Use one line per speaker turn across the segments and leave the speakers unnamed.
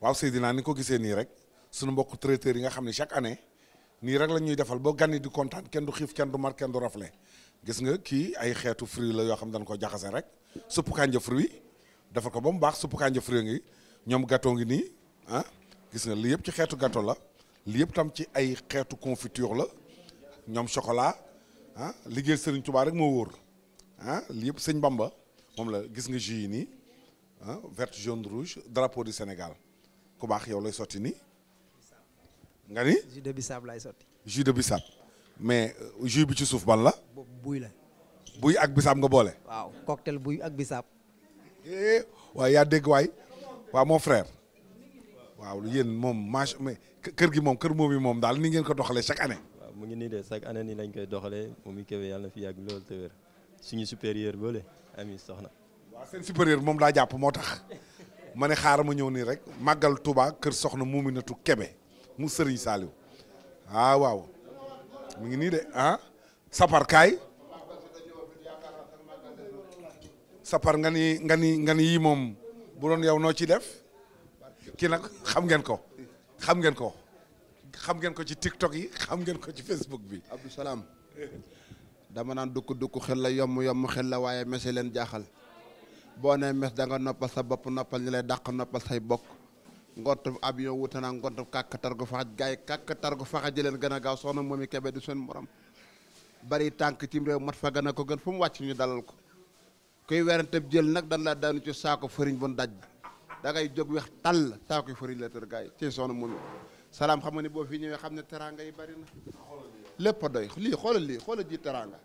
waaw seddi naa ni ko gisee nii rek sunu mbokku traiteurs yi nga xam ne chaque année nii rek la ñuy defal boo ganni di kontaan kenn du xiif kenn du mar kenn du rafle gis nga kii ay xeetu fruit la yoo xam dañ ko jaxase rek suppu kànja fruit dafa ko ba mu baax suppu kànja fruit ngi ñoom gâteau ngi nii ah gis nga li yëpp ci xeetu gâteau la li yëpp tam ci ay xeetu confiture la ñoom chocolat ah liggéey Serigne Touba rek moo wóor ah li yëpp sëñ Bamba moom la gis nga jus nii ah vert jaune rouge drapeau du Sénégal ku baax yow lay sotti nii. nga ni jus de bissap lay sotti. jus de bissap mais euh, jus bi ci suuf ban la. boobu buy la. buy ak bissap nga boole. waaw cocktail buy ak bissap. Eh, waaw yaa dégg waay waaw mon frère. waaw yéen moom mach mais kër gi moom kër moom yi moom daal ni ngeen ko doxalee chaque année.
waaw mu ngi nii de chaque année nii lañ koy doxalee moom i Kébé yàlla na fi yàgg lool te wér suñu
supérieur boole ami soxna. waaw supérieur moom daa jàpp moo tax. ma ne xaaral ma ñëw nii rek màggal Touba kër soxna Muminatu Kebe mu Serigne Saliou ah waaw mu ngi nii de ah sapar kaay sapar nga ni nga yii moom bu doon yow noo ci def
kii nag xam ngeen ko xam ngeen ko xam ngeen ko ci TikTok yi xam ngeen ko ci Facebook bi Abdou Salam dama naan dukk dukk xel la yomb yomb xel la waaye mese leen jaaxal boo ne mes da nga noppal sa bopp noppal ñu lay dàq noppal say bokk ngontub avion wuute naa ngontub kàkk targu faxaj gars yi kàkk targu fa ji leen gën a gaaw soxna moom i kebe du seen morom bari tànk cim réew fa gën a ko gën fu mu wàcc ñu dalal ko kuy weranteb jël nag dan la daanu ci saako fëriñ bu daj da ngay jóg weex tàll saako fëriñ la tër gars yi ci soxna moom salaam xam nga ni boo fi ñëwee xam ne teraanga yi bari na lépp a doy lii xoolal lii xoolal ji teraanga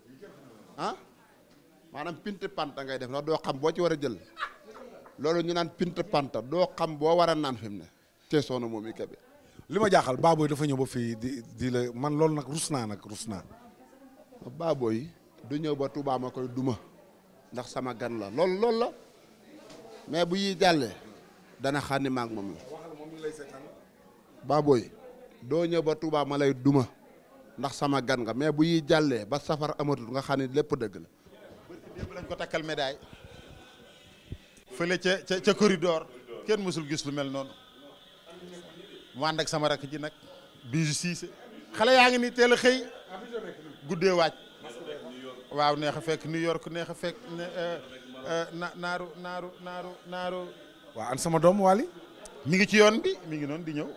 ah? maanaam pinte panta ngay def ndax doo xam boo ci war a jël loolu ñu naan pinte panta doo xam boo war a naan fi ne te soona moom i kabe li ma jaaxal baabooy dafa ñëw ba fii di di la man loolu nag rus naa nag rus naa baabooy du ñëw ba Touba duma ndax sama gan la loolu loolu la mais bu yi jàllee dana xànni maag moom la baabooy doo ñëw ba Touba ma lay duma ndax sama gan nga mais bu yi jàllee ba safar amatul nga xam ne lépp dëgg la
lañ ko takkal médaille
fële ca ca ca corridor kenn mësul
gis lu mel noonu mu ànd sama rakk ji nag bii ju siise xale yaa ngi ni teel a xëy guddee waaj waaw neex a fekk New York neex a fekk eh, eh, na naaru naaru naaru naaru
waa an sama doom Waly mi ngi ci yoon bi mi ngi noonu di ñëw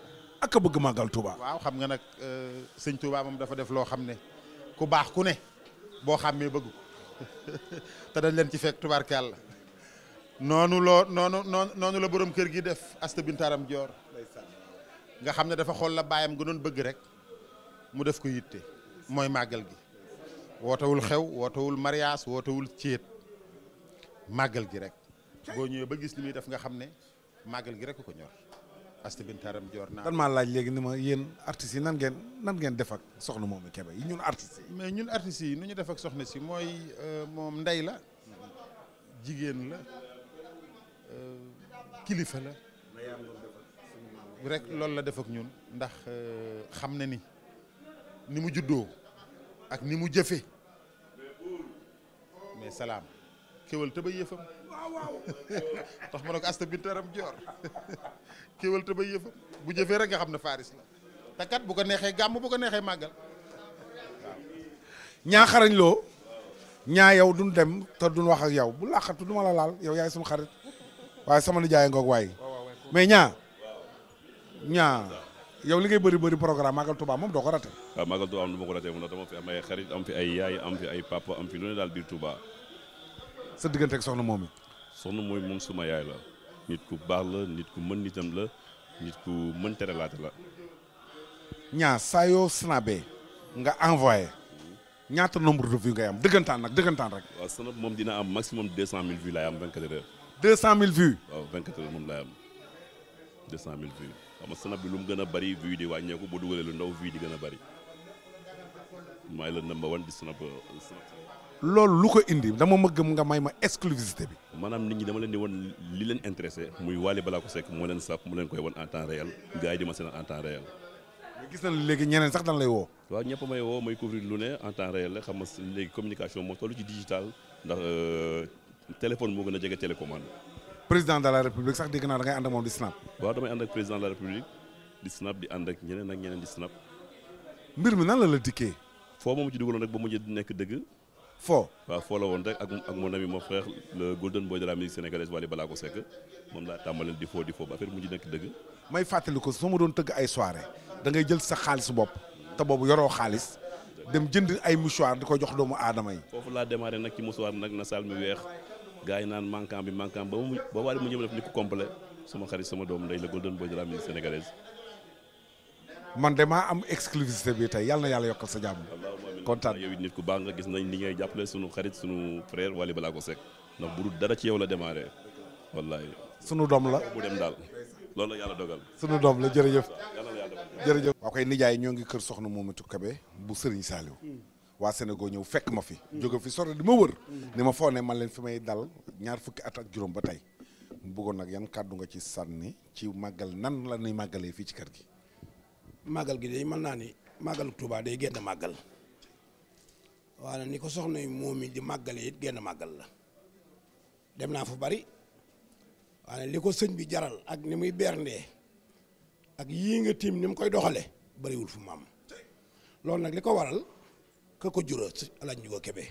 ak a bëgg màggal Touba
waaw xam nga nag eh, sëñ Touba moom dafa def loo xam ne ku baax ku ne boo xàmmee bëgg ko te dañ leen ci fekk tubaarkàlla noonu loo noonu noonu noonu la borom kër gi def asta bintaram joor nga xam ne dafa xool la baayam nga doon bëgg rek mu def ko yitte mooy màggal gi wootewul xew wootewul mariage wootewul
céet màggal
gi rek boo ñëwee ba gis li muy def nga xam ne màggal gi rek ko ñor Asti Bintaram Dior naa. dan maa laaj
léegi ni ma yéen artistes yi nan ngeen nan ngeen def ak soxna moomu Kébé yi ñun artistes yi.
mais ñun artistes yi nu ñu def ak soxna si mooy euh, moom ndey la jigéen la euh, kilifa la.
rek loolu la def
ak ñun ndax euh, xam ne ni ni mu juddoo ak ni mu jëfe mais salaam. kéwal te ba yëfam tax ma ne ko asta bintaram joor kéwal te ba yëfam bu jëfee rek nga xam ne faaris la te kat bu ko neexee gàmm bu ko neexee
màggal
ñaa xarañ loo ñaa yow duñ dem te duñ wax ak yow bu làqatu du ma la laal yow yaay suñu xarit waaye sama nijaay ngoog waaye mais ñaa ñaa yow li ngay bëri bëri programme Magal Touba moom doo ko raté.
waaw Magal Touba am ma ko raté mu ndax dama fi am ay xarit am fi ay yaay am fi ay papa am fi lu ne daal biir Touba. sa diggante ak soxna moom yi soxna mooy moom suma yaay la nit ku baax la nit ku mën nitam la nit ku mën teralaate la
ñaa saa yoo snabee nga envoyé ñaata nombre de vues ngay am dëggantaan nag dëggantaan
rek waaw snap moom dina am maximum deux cent mille vues laay am vingt quatre cent mille vues waaw vingt quatre heures moom laay am deux cent mille vues xam nga bi lu mu gën a bëri vues di wàññeeku bu dugalee lu ndaw vues di gën a bëri maay la number one di snap
loolu lu ko indi dama ma gëm nga may ma exclusivité bi
maanaam nit ñi dama leen di wan li leen intéressé muy Wally Ballago Seck moo leen sap mu leen koy wan en temps réel gars yi di ma seen en temps réel mais gis nañ léegi ñeneen sax dañ lay woo waaw ñëpp may woo may couvrir lu ne en temps réel la xam nga léegi communication moo toll ci digital ndax euh, téléphone moo gën a jege télécommande
président la république sax dégg naa da ngay ànd ak moom di snap
waaw damay ànd ak président de la république di snap ñeneen ak ñeneen di snap mbir mi nan la la dikkee foo moom ci dugaloon rek ba mujj nekk dëgg. foo waaw foo la woon rek ak ak mon ami mon frère le golden boy de la musique sénégalaise Wally Ballago Seck moom laa tàmbaleel di foo di foo ba affaire mujj nekk dëgg.
may fàttali ko soo ma doon tëgg ay soirée da ngay jël sa xaalis bopp te boobu yoroo xaalis dem jënd ay mouchoir di ko jox doomu aadama yi.
foofu laa démarré nag ci mouchoir nag na saal mi weex gars naan manquant bi manquant ba mu ba Wally mu ñëw def ni ko doom ndey la golden boy de la man de maa am exclusivité bi tey yàlla na yàlla yokkal sa jàmm. kontaan yow it nit ku baax nga gis nañ ni ngay jàppale suñu xarit sunu frère Wally Ballago Seck ndax bu dul dara ci yow la démarré wallahi sunu doom la bu dem daal loolu yàlla dogal.
sunu doom la jërëjëf. jërëjëf. waaw koy nijaay ñoo ngi kër soxna Momatou Kébé bu Serigne Saliou. waa Sénégal ñëw fekk ma fi. jóge fi sore di ma wër. ni ma foog ne man leen fi may dal ñaar fukki at juróom ba tey. bëggoon nag yan kàddu nga ci sànni ci màggal nan la ñuy màggalee fii ci kër gi
màggal gi day mën naa ni màggalu Touba day genn màggal waaye ni ko soxna yu moom mi di màggale it genn màggal la dem naa fu bari waaye li ko sëñ bi jaral ak ni muy berndee ak yii nga tiim ni mu koy doxale bariwul fu mu am loolu nag li ko waral ka ko jura alaaj ñu ko kebe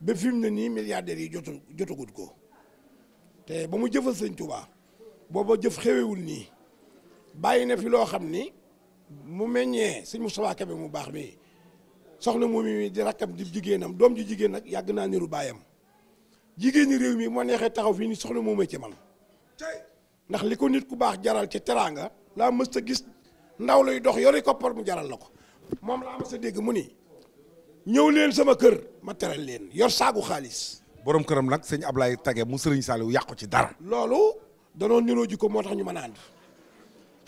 ba fi mu ne nii milliardaires yi jotu jotagut ko te ba mu jëfal sëñ Touba booba jëf xewewul nii bàyyi na fi loo xam ni mu meññee sëñ Moustapha Kebe mu baax mi soxla moom mi di rakkam di jigéenam doom ji jigéen nag yàgg naa niru baayam jigéen ñi réew mi moo neexee taxaw fii ni soxna moomee ci man ndax li ko nit ku baax jaral ci teraanga laa mës a gis ndaw lay dox ko koppar mu jaral la ko moom laa mës a dégg mu ni ñëw leen sama kër ma teral leen yor saagu xaalis
borom këram nag sëñ Ablaye Tage mu sëriñ Saliou yàqu ci dara
loolu danoo niroo ko moo tax ñu mën a ànd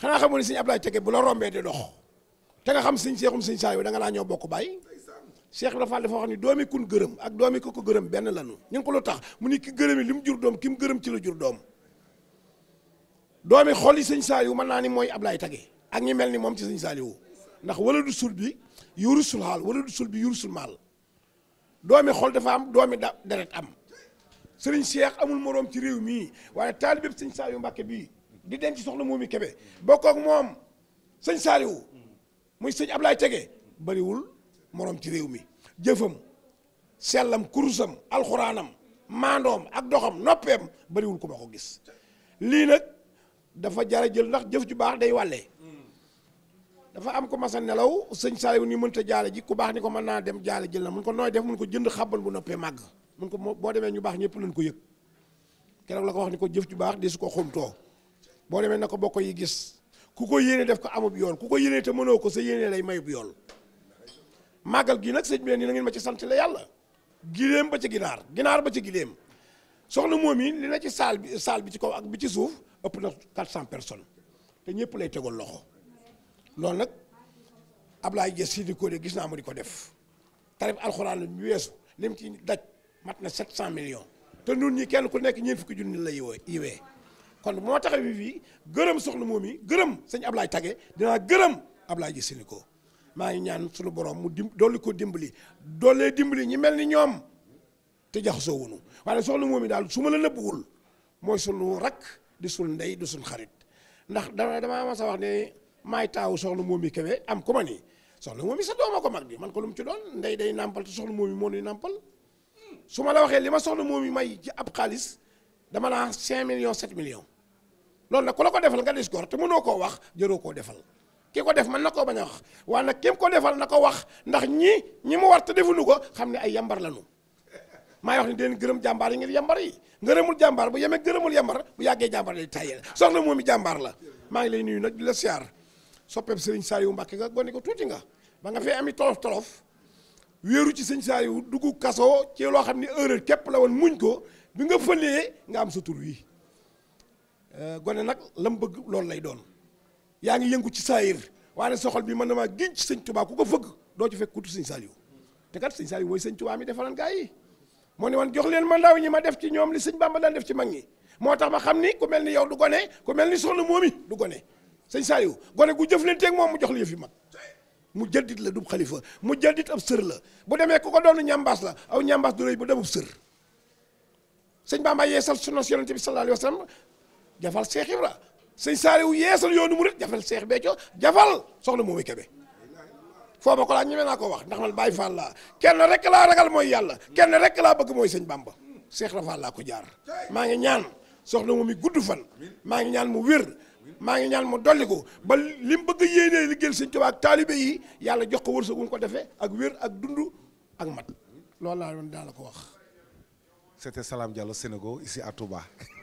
xanaa xamoon siñ ab Ablaye Tege bu la rombee di dox te nga xam sëñ seexum sëñ saa yu da laa ñoo bokk bàyyi Cheikh Ibra Fall dafa wax ni doomi kun gërëm ak doomi ko ko benn lanu ñu ko lu tax mu ni ki gërëm yi li mu jur doom ki mu gërëm ci la jur doom doomi xol yi sëñ saa yu mën naa ni mooy Ablaye Tege ak ñi mel ni moom ci sëñ Saaliwu ndax wala du sul bi yurusul xaal wala du sul bi yurusul maal doomi xol dafa am doomi da deret am sëriñ Cheikh amul moroom ci réew mii waaye taalibe sëñ Saaliwu mbakke bii di denc soxna Momy Kébé bokk ak moom sëñ saariwu muy sëñ Ablaye Tege bariwul moroom ci réew mi jëfam sellam kurusam alxuraanam maandoom ak doxam noppeem bariwul ku ma ko gis lii nag dafa jara jël ndax jëf ju baax day wàllee dafa am ko masa nelaw sëñ Saliou ni mënta jaale ji ku baax ni ko mën naa dem jaale jël na mun ko nooy def mun ko jënd xàbbal bu noppee màgg mun ko boo demee ñu baax ñëpp lañ ko yëg keroog la ko wax ni ko jëf ju baax di su ko boo demee na ko bokk yi gis ku ko yéene def ko amub yoon ku ko yéene te mënoo ko sa yéene lay mayub yoon màggal gi nag sëñ bi ni na ngeen ma ci sant la yàlla giléem ba ci ginaar ginaar ba ci giléem soxna moom yi li na ci saal bi saal bi ci kaw ak bi ci suuf ëpp na 400 personne te ñëpp lay tegal loxo loolu nag Ablaye gis si di ko de gis naa mu di ko def tarif alxuraan la weesu lim ci daj mat na cent million te nun ñi kenn ku nekk ñeent fukki junni la yiwee yiwee kon moo tax wi fii gërëm soxna moom yi gërëm sëñ Ablaye Tage dinaa gërëm Ablaye ji sini ko maa ngi ñaan suñu borom mu dim dolli ko dimbali doolee dimbali ñi mel ni ñoom te jaxasoo wunu waaye soxna moom yi daal su ma la nëbbuwul mooy sunu rakk di sunu ndey di sunu xarit ndax dama damaa mas a wax ne maay taawu soxna moom yi Kébé am ku ma ni soxna moom yi sa dooma ko mag bi man ko lu mu ci doon ndey day nàmpal te soxna moom yi moo nuy nàmpal su ma la waxee li ma soxna moom yi may ci ab xaalis dama la 5 million 7 million loolu nag ku la ko defal nga dis gor te mënoo koo wax jëroo koo defal ki ko def man na koo bañ a wax waaye nag kim ko defal na ko wax ndax ñi ñi mu war te defuñu ko xam ne ay yambar lañu maa wax ni deen gërëm jàmbaar yi ngir yambar yi ngërëmul jàmbaar bu yemee gërëmul yambar bu yàggee jàmbaar lay tàyyel soxna moom mi jàmbaar la maa ngi lay nuyu nag di la siyaar soppeb sëriñ Saliou Mbàkke nga gone ko tuuti nga ba nga fee ami tolof tolof wéeru ci sëñ Saliou dugg kaso ci loo xam ne képp la woon muñ ko bi nga fëlee nga am sa tur wi Euh, gone nag lam bëgg loolu lay doon yaa ngi yëngu ci saayir waaye soxol bi mën na maa giñ ci sëñ tubaa ku ko fëgg doo ci fekk kutu sëñ Saliou te kat sëñ Saliou mooy sëñ tubaa mi defalan gaa yi moo ne woon jox leen ma ndaw ñi ma def ci ñoom li sëñ Bamba daan def ci mag ñi moo tax ma xam ni ku mel ni yow du gone ku mel ni soxna moomi du gone sëñ Saliou gone gu jëflanteeg moom mu jox li yëf yi mag mu jaddit la du xalifa mu jaddit ab sër la bu demee ku ko doon ñambaas la aw du rëy bu demub sër sëñ Bamba yeesal sunna yonente bi sallallahu alayhi wa jafal Cheikh Ibra sëñ Saaliw yeesal yoonu murit jafal Cheikh Béthio jafal soxna Momy Kébé foo ma ko laa ñeme naa ko wax ndax man Baay Faal laa kenn rek laa ragal mooy yàlla kenn rek laa bëgg mooy sëñ Bamba Cheikh Rafal laa ko jaar maa ngi ñaan soxna Momy gudd fan maa ngi ñaan mu wér maa ngi ñaan mu dolli ko ba li mu bëgg a yéenee liggéeyal sëñ Tuubaa ak taalibe yi yàlla jox ko wërsëg wu ko defee ak wér ak dund ak mat loolu laa doon daal la ko wax.
c'était Salam Diallo Sénégal ici à Touba.